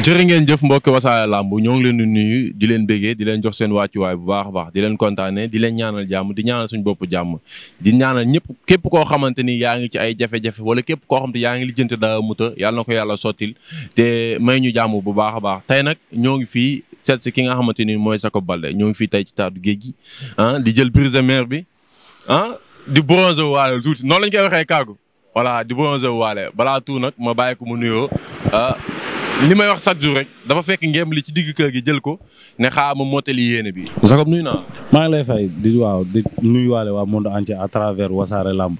jërë ngeen jëf mbokki wasaare làmb ñoo ngi leen di nuyu di leen bégee di leen jox seen wàccuwaay bu baax a baax di leen kontaane di leen ñaanal jàmm di ñaanal suñu bopp jàmm di ñaanal ñëpp képp koo xamante ni yaa ngi ci ay jafe-jafe wala képp koo xamante yaa ngi lijjanti daa muta yàlla na ko yàlla sottil te may ñu jàmm bu baax a baax tey nag ñoo ngi fii set si ki nga xamante ni mooy Jacob bale ñoo ngi fii tey ci taatu géej gi ah, di jël brise de bi ah di bronze waale tuuti noonu lañ koy waxee kaagu voilà di bronze waale balaa tout nag ma bàyyi ko mu nuyoo ah, li may wax chaque jour rek dafa fekk ngéem li ci digg kër gi jël ko ne xaa ma mottali yéene bi Jacob nuyu naa maa ngi lay fay di waaw di nuyuwaale waa monde entier à travers wasaare làmb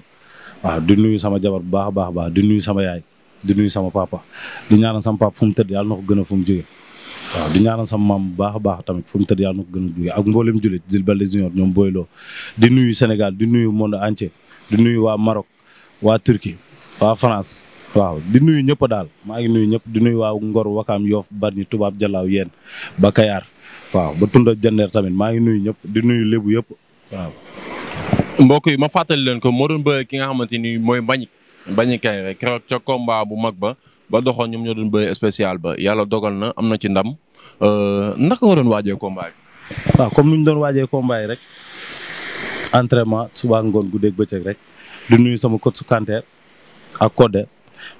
waaw di nuyu sama jabar bu baax a baax baax di nuyu sama yaay di nuyu sama papa di ñaanal sama papa fu mu tëdd yàlla na ko gën a fu mu jóge waaw di ñaanal sama maam bu baax a baax tamit fu mu tëdd yàlla na ko gën a jóge ak mboolem jullit Jules Baldé Junior ñoom booyloo di nuyu Sénégal di nuyu monde entier di nuyu waa Maroc waa Turquie waa France waaw di nuyu ñëpp daal maa ngi nuyu ñëpp di nuyu waa Ngor Wakaam Yoof Bargny Tubaab Jalaaw yéen ba Kayaar waaw ba Tunda Jandeer tamit maa ngi nuyu ñëpp di nuyu lébu yëpp waaw. mbokk yi ma fàttali leen ko moo doon bëre ki nga xamante ni mooy Mbagnick Mbagnick Kaïré rek ca combat bu mag ba ba doxoon ñoom ñoo doon bëre spécial ba yàlla dogal na am na ci ndam euh, naka nga doon waajee combat waaw comme ni doon waajee combat rek entraînement suba ngoon guddeeg bëccëg rek di nuyu sama coach ak Codé.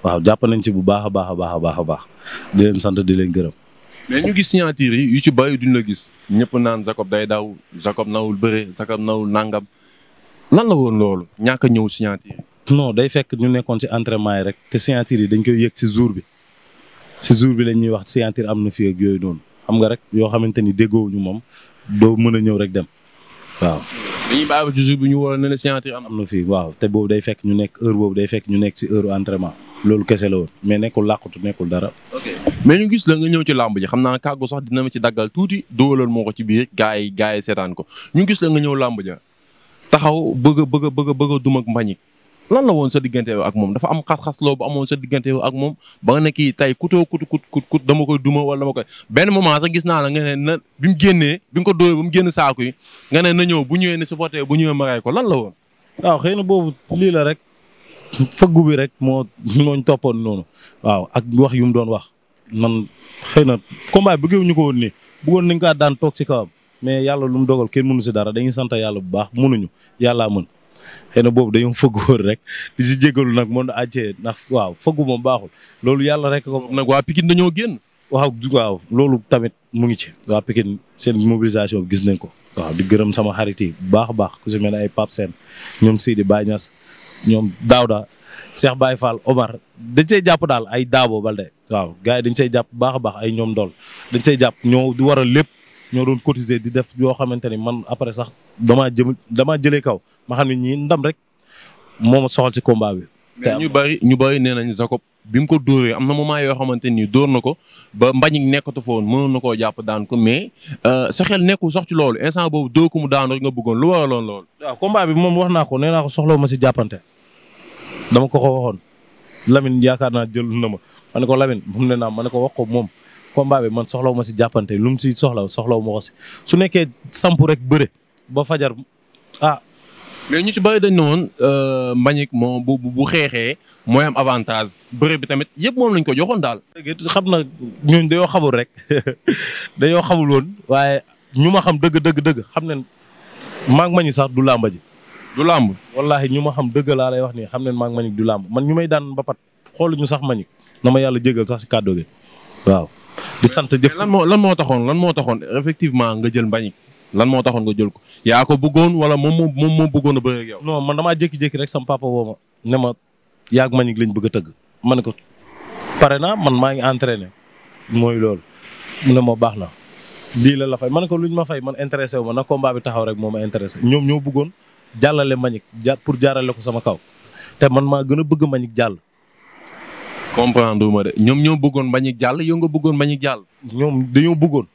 waaw jàpp nañ ci bu baax a baax a baax a baax a baax di leen sant di leen gërëm. mais ñu gis signature yi yu ci bàyyi duñ la gis ñëpp naan Jacob day daw Jacob nawul bëre Jacob nawul nangam lan la woon loolu ñàkk a ñëw signature yi. non day fekk ñu nekkoon si entraînement yi rek te yi dañ koy yëg ci bi ci jour bi la ñuy wax signature am na fi yooyu noonu xam rek yoo xamante ni déggoowuñu moom doo mën a ñëw rek dem waaw. dañuy bàyyi ba ci jour bi ñu am na fi waaw te boobu day fekk ñu nekk heure boobu day fekk ñu nekk si heure entraînement. loolu kese la woon mais nekkul làqutu nekkul dara. mais ñu gis la nga ñëw ci làmb ji xam naa kàggu sax dina ma ci daggal tuuti dóolal moo ko ci biir gaa yi gaa seetaan ko ñu gis la nga ñëw làmb ja taxaw bëgg a bëgg a bëgg a a dum ak mbañik lan la woon sa diggante ak moom dafa am xas-xas loo bu amoon sa diggante ak moom ba nga ne kii tey kutoo kut kut kut dama koy duma wala dama koy benn moment sax gis naa la ne na bi mu génnee bi nga ko dóoyee ba mu génn saaku yi nga ne ñëw bu ñëwee ne supporté bu ñëwee ma rey ko lan la woon. waaw na boobu lii la rek fëggu bi rek moo mooñ toppoon noonu waaw ak wax yu mu doon wax man xëy na combat bi bëggewuñu ko woon ni bëggoon nañ ko daan toog si kawam mais yàlla lu mu dogal kenn mënu si dara dañuy sant yàlla bu baax mënuñu yàllaa mën xëy boobu dañoo fëgg woon rek di si jégalu nag moom àccee ndax waaw fëggu moom baaxul loolu yàlla rek ko nag waa Pikine dañoo génn waaw waaw loolu tamit mu ngi ci waa Pikine seen mobilisation gis nañ ko waaw di gërëm sama xarit yi bu baax a baax ku ci mel ne ay Pape Sène ñoom Seydi Baye Niass ñoom Daouda Cheikh Baye Fall Omar dañ say jàpp daal ay Daabo Balde waaw gars yi dañ say jàpp baax a baax ay ñoom dool dañ say jàpp ñoo di waral lépp ñoo doon cotiser di def yoo xamante ni man après sax damaa jëm damaa jëlee kaw ma xam ne ñii ndam rek moo ma soxal si combat bi. mais ñu bari ñu bari nee nañ Jacob bi mu ko dooree am na moment yoo xamante ni dóor na ko ba mbañik nekkatu foon mënoon na koo jàpp daan ko mais euh, sa xel nekkul sax ci loolu instant boobu dóor ko mu daanu nga bëggoon lu waraloon loolu. waaw combat moom wax naa ko nee naa ko soxla ma si jàppante dama ko ko waxoon Lamine yaakaar naa jël na ma ma ne ko Lamine moom nee naa ma ne ko wax ko moom combat bi man soxla ma si jàppante lu mu si soxla soxla ma ko si su nekkee sampu rek bëre ba fajar ah. mais ñu si bari dañ ne woon euh, Mbagnick moom bu bu xeexee mooy am avantage bëre bi tamit yëpp moom lañ ko joxoon daal. xam na ñooñ dañoo xamul rek dañoo xamul woon waaye ñu ma xam dëgg dëgg dëgg xam ne maa ngi Mbagnick sax du làmba ji. du làmb wallaahi ñu ma xam dëgg laa lay wax nii xam ne maa ngi Mbagnick du làmb man ñu may daan ba pat xooluñu sax Mbagnick na ma yàlla jégal sax si kàddu gi waaw. di sant jëf lan moo lan moo taxoon lan moo taxoon effectivement nga jël Mbagnick lan moo taxoon nga jël ko yaa ko bëggoon wala moom moo moom moo bëggoon a bëri ak yow. non man damaa jékki-jékki rek sama papa woo ma ne ma yaag ma ñu lañ bëgg a tëgg ma ne ko pare naa man maa ngi entraîné mooy loolu mu ne ma baax na lii la la fay man ko luñ ma fay man intéressé wu ma na combat bi taxaw rek moo ma intéressé ñoom ñoo bëggoon jàllale Mbagnick ja pour jaarale ko sama kaw te man maa gën a bëgg Mbagnick jàll. comprendre ma de ñoom ñoo bëggoon Mbagnick jàll yow nga bëggoon Mbagnick jàll. ñoom dañoo bëggoon.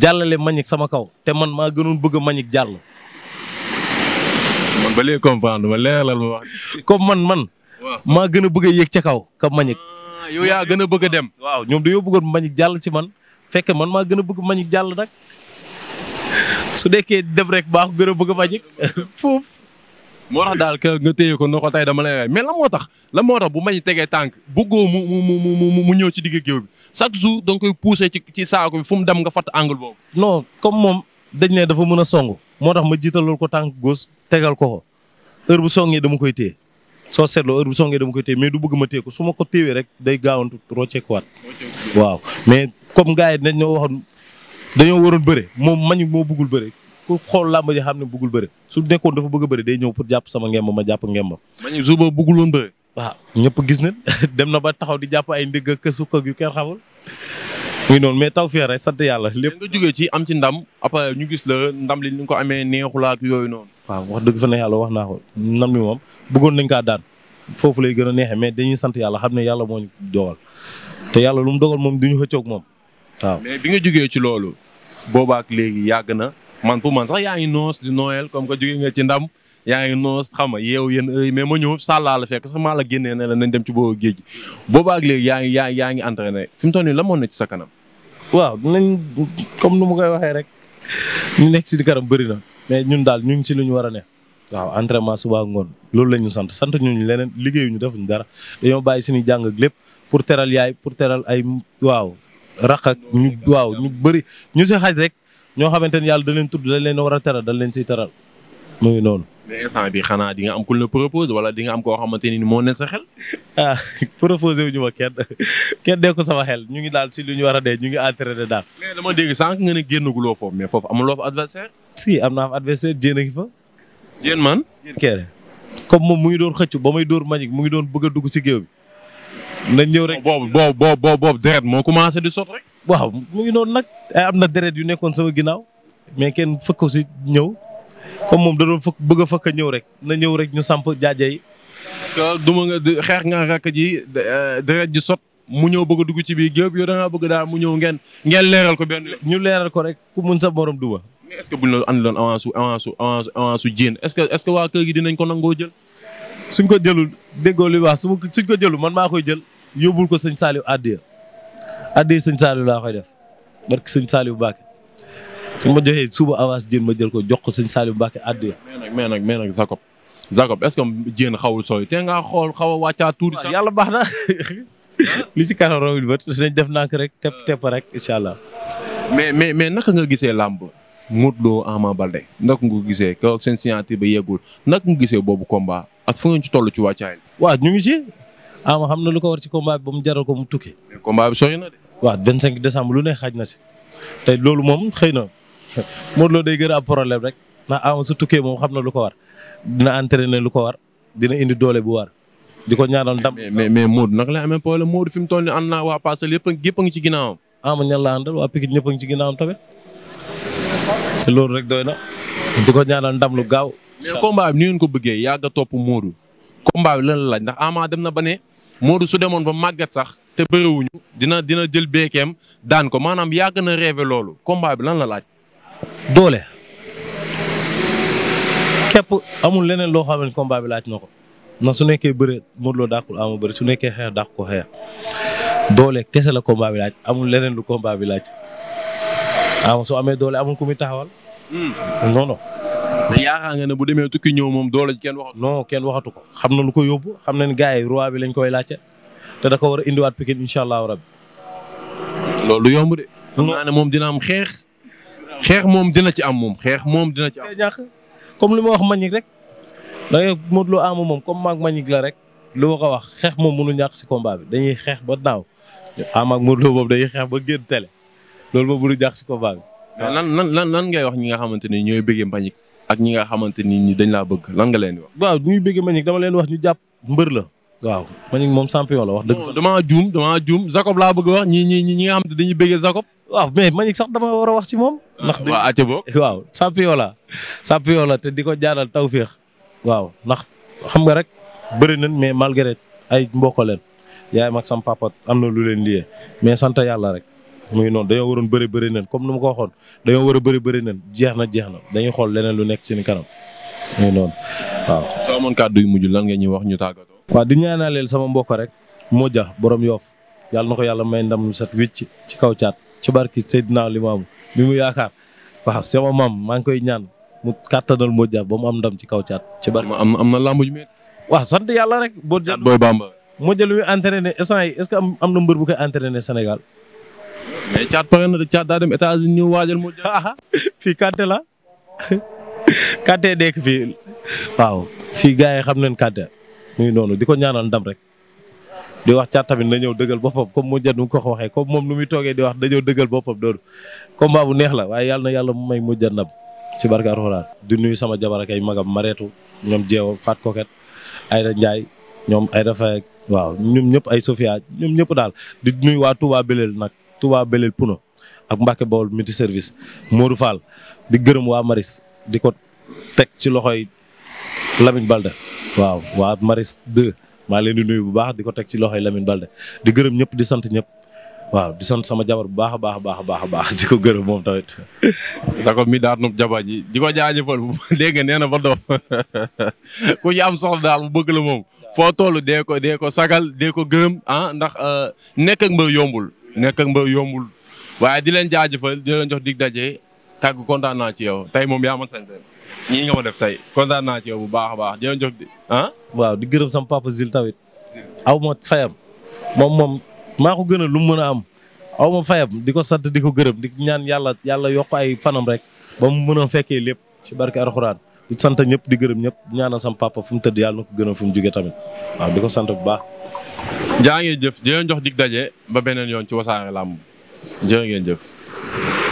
jàllale Manick sama kaw te man maa gënoon bëgg a jàll. man ba léegi comprendre ma leeralal ma wax. comme man man. maa gën a bëgg a yéeg ca kaw ka Manick. Ah, yow yaa gën a bëgg a dem. waaw ñoom dañoo bëggoon Manick jàll si man fekke man maa gën a bëgg Manick jàll nag su dekkee dem rek baax gën a bëgg Manick foofu. moo tax daal nga téye ko noo ko tey dama lay mais la moo tax la moo tax bu Manick tegee tànk bëggoo mu mu mu mu ñëw ci digg géew bi chaque jour da nga koy pousser ci ci saako bi fu mu dem nga fatt angle boobu. non comme moom dañ ne dafa mën a song moo tax ma jiitalal ko tànk gos tegal ko ko heure bu songee dama koy téye soo seetloo heure bu songee dama koy te mais du bëgg ma téye ko su ma ko téyee rek day gaawantu rocceekuwaat. waaw mais comme gars yi dañ ñoo waxoon dañoo waroon bëre moom mañ moo bëggul bëre. ku xool la ji xam ne bëggul bëre su nekkoon dafa bëgg a bëre day ñëw pour jàpp sama ngemb ma jàpp ngembam. ma ñu suba bëggul waaw ñëpp gis na dem na ba taxaw di jàpp ay ndigg ak sukk ak yu kenn xamul. muy noonu mais taw fii rek sant yàlla lépp. nga jógee ci am ci ndam après ñu gis la ndam li ñu ko amee neexul ak yooyu noonu. waaw wax dëgg fa ne yàlla wax naa ko ndam li moom bëggoon nañ kaa daan foofu lay gën a neexee mais dañuy sant yàlla xam ne yàlla moo ñu dogal te yàlla lu mu dogal moom du ñu xëccoog moom waaw. mais bi nga jógee ci loolu. boobaak léegi yàgg na man pour man sax yaa ngi noos di noël comme que jógee ci ndam yaa ngi noos xam nga yeew yenn mais ma ñëw sàllaa la fekk sax maa la génnee ne nañ dem ci boobu géej gi boobaa ak léegi yaa ngi yaa yaa ngi entraîné fi mu toll nii la moon na ci sa kanam waaw dinañ comme nu mu koy waxee rek ñu nekk si di kanam bëri na mais ñun daal ñu ngi si lu ñu war a ne waaw entraînement suba ak ngoon loolu la ñu sant sant ñuñu leneen liggéeyuñu defuñu dara dañoo bàyyi suñuy jàng ak lépp pour teral yaay pour teral ay waaw raq ak ñu waaw ñu bëri ñu si xaj rek ñoo xamante ne yàlla da leen tudd dañ leen war a teral dañ leen siy teral mu ngi noonu. mais instant bi xanaa di nga am ku la propose wala di nga am koo xamante ni moo ne sa xel. ah proposé wu ñu ma kenn kenn dee ko sama xel ñu ngi daal si lu ñu war a dee ñu ngi entraîné daal. mais dégg sànq nga ne génnaguloo foofu mais foofu amuloo fa adversaire. si am naa fa adversaire jéen a ngi fa. jéen man jéen kere. comme moom mu ngi doon xëccu ba may dóor mañik mu ngi doon bëgg dugg si géew bi. nañ ñëw rek boobu boobu boobu boobu deret moo commencé di sot rek. waaw mu ngi noonu nag am na deret yu nekkoon sama ginnaaw mais kenn fëkk si ñëw comme moom da doon fëkk bëgg a a ñëw rek na ñëw rek ñu samp jaajay. Euh, duma nga xeex nga rakk ji euh, deret ji sot mu ñëw bëgg a dugg ci biir géew yow bëgg daal mu ñëw ngeen ngeen leeral ko benn ñu leeral ko rek ku mun sa morom duma. wa est-ce que buñ la andiloon avance su avance su su jéen est-ce que est que waa kër gi dinañ ko nangoo jël. suñ ko jëlul déggoo li wax suñ ko jëlul man maa koy jël yóbbul ko sëñ Saliou addiya addiya sëñ Saliou laa koy def barki sëñ Saliou Mbacké su ma joxee suba avance jën ma jël ko jox ko sëñ Saliou Mbacke àddiya. mais mais nag mais nag Jacob Jacob est-ce que jën xawul sooy te ngaa xool xaw a wàccaa tuuti. waaw yàlla baax na li si kanam rawul bët dañ def nànk rek tepp tepp rek incha allah. mais mais mais naka nga gisee làmb Modou Lo Ama Baldé naka nga gisee kaw seen signature ba yegul naka nga gisee boobu combat ak fu ngeen ci toll ci yi waa ñu ngi ci Ama xam na lu ko war ci combat ba mu jaral ko mu tukki. mais combat bi sooy na de. waaw 25 décembre lu ne xaaj na si te loolu moom xëy na Modou Lo day gën a problème rek ndax Ama su tukkee moom xam na lu ko war dina entraîner lu ko war dina indi doole bu war di ko ñaanal ndam. mais mais mais Modou naka la amee problème Modou fi mu toll nii ànd waa Parcelles yëpp a ngi ci ginnaawam. Ama ñan la àndal waa Pikine ñëpp a ngi ci ginnaawam tamit loolu rek doy na di ko ñaanal ndam lu gaaw. mais combat bi ni ngeen ko bëggee yàgg topp Modou. combat bi lan la laaj ndax Ama dem na ba ne Modou su demoon ba màggat sax te bëriwuñu dina dina jël beekeem daan ko maanaam yàgg na rêvé loolu combat bi lan la laaj. doole képp amul leneen loo xam ne combat bi laaj na ko ndax su nekkee bëre Modou Lo dàqul Ama bëre su nekkee xeex dàq ko xeex doole kese la combat bi laaj amul leneen lu combat bi laaj Ama soo amee doole amul ku taxawal. Hmm. non non. nga ne bu demee tukki ñëw moom doole kenn waxatu. non kenn waxatu ko xam na lu ko yóbbu xam na ne gars yi bi lañ koy laajte te da ko war a indiwaat Pikine incha allahu rabi. loolu yomb de. xam naa moom dina xeex. xeex moom dina ci am moom xeex moom dina ci am. comme li ma wax Manick rek da ngay Modou Lo moom comme maag Manick la rek lu ma ko wax xeex moom mënu ñàkk si combat bi dañuy xeex ba naaw am ak Modou Lo boobu dañuy xeex ba génn télé loolu moom mënu ñàkk si combat bi. lan lan lan lan ngay wax ñi nga xamante ni ñooy bëggee Manick ak ñi nga xamante ni dañ laa bëgg lan nga leen di wax. waaw ñuy dama leen wax ñu jàpp mbër la. waaw Manick moom champion la wax dëgg. damaa dama damaa juum Jacob laa bëgg wax ñi ñi ñi nga xam ne dañuy bëggee Jacob waaw mais Manick sax dama war a wax ci moom. ndax waaw waaw àcc waaw champion la champion la te di ko jaanal tawféex. waaw ndax xam nga rek bëri nañ mais malgré ay mbokk leen yaay mag sam papa am na lu leen liyee mais sant yàlla rek. muy noon dañoo waroon bëri bëri nañ comme nu ma ko waxoon dañoo war a bëri bëri nañ jeex na jeex na dañuy xool leneen lu nekk seen kanam muy noonu waaw. soo amoon kàddu mujj lan nga ñuy wax ñu tàggatoo. waaw di ñaanaleel sama mbokk rek. Modja boroom yoof yàlla na ko yàlla may ndam set wicc ci kaw caat. ci barki Seydina Limaamu bi mu yaakaar waaw sama maam maa ngi koy ñaan mu kàttanal Modou Dia ba mu am ndam ci kaw caat ci barki am am na lamb ju métti waaw sant yàlla rek boo jël booy bamba jël lu muy entraîné instant yi est-ce am na mbër bu koy entraîné Sénégal mais caat pare na caat daa dem États-Unis ñu waajal Modou Dia fii kàtte la kàtte dekk fii waaw fii gars yi xam nañ kàtte muy noonu di ko ñaanal ndam rek di wax caat tamit na ñëw dëggal boppam comme mu jat nu ko waxee comme moom nu toogee di wax dañoo dëggal boppam doonu combat bu neex la waaye yàlla na yàlla mu may mu jat ndam ci barka alxuraan di nuyu sama jabar ak ay magam mareetu ñoom jeew faat koket Ayda Njaay ñoom ay Ayda Faye waaw ñoom ñëpp ay Sofia ñoom ñëpp daal di nuyu waa Touba Belel nag Touba Belel Puno ak Mbacke Bawol multi service Modou Fall di gërëm waa Maris di ko teg ci loxoy Lamine Balde waaw maa leen di nuyu bu baax di ko teg ci loxoy Lamine Balde di gërëm ñëpp di sant ñëpp waaw di sant sama jabar bu baax a baax a baax a baax di ko gërëm moom tamit. sa ko mi daal nu jabar ji di ko jaajëfal dégg nga nee na ba doom ku ci am soxla daal bu bëgg la moom foo toll dee ko dee ko sagal dee ko gërëm ah ndax euh, nekk ak yombul nekk ak yombul waaye di leen jaajëfal di leen jox dig daje tàgg kontaan naa ci yow tey moom yaa ma sañ ñii nga ma def tey kontaan naa ci yow bu baax a baax di leen jox di waaw di gërëm sama papa Zil tawit aw ma fayam moom moom maa ko gën a lu mu mën a am aw ma fayam di ko sant di ko gërëm di ñaan yàlla yàlla yokk ay fanam rek ba mu mën a fekkee lépp ci barke Alxuraan di sant ñëpp di gërëm ñëpp ñaanal sama papa fu mu tëdd yàlla na ko gën a fu mu jógee tamit waaw di ko sant bu baax. jaa ngeen jëf di leen jox dig daje ba beneen yoon ci wasaare làmb jërë ngeen jëf.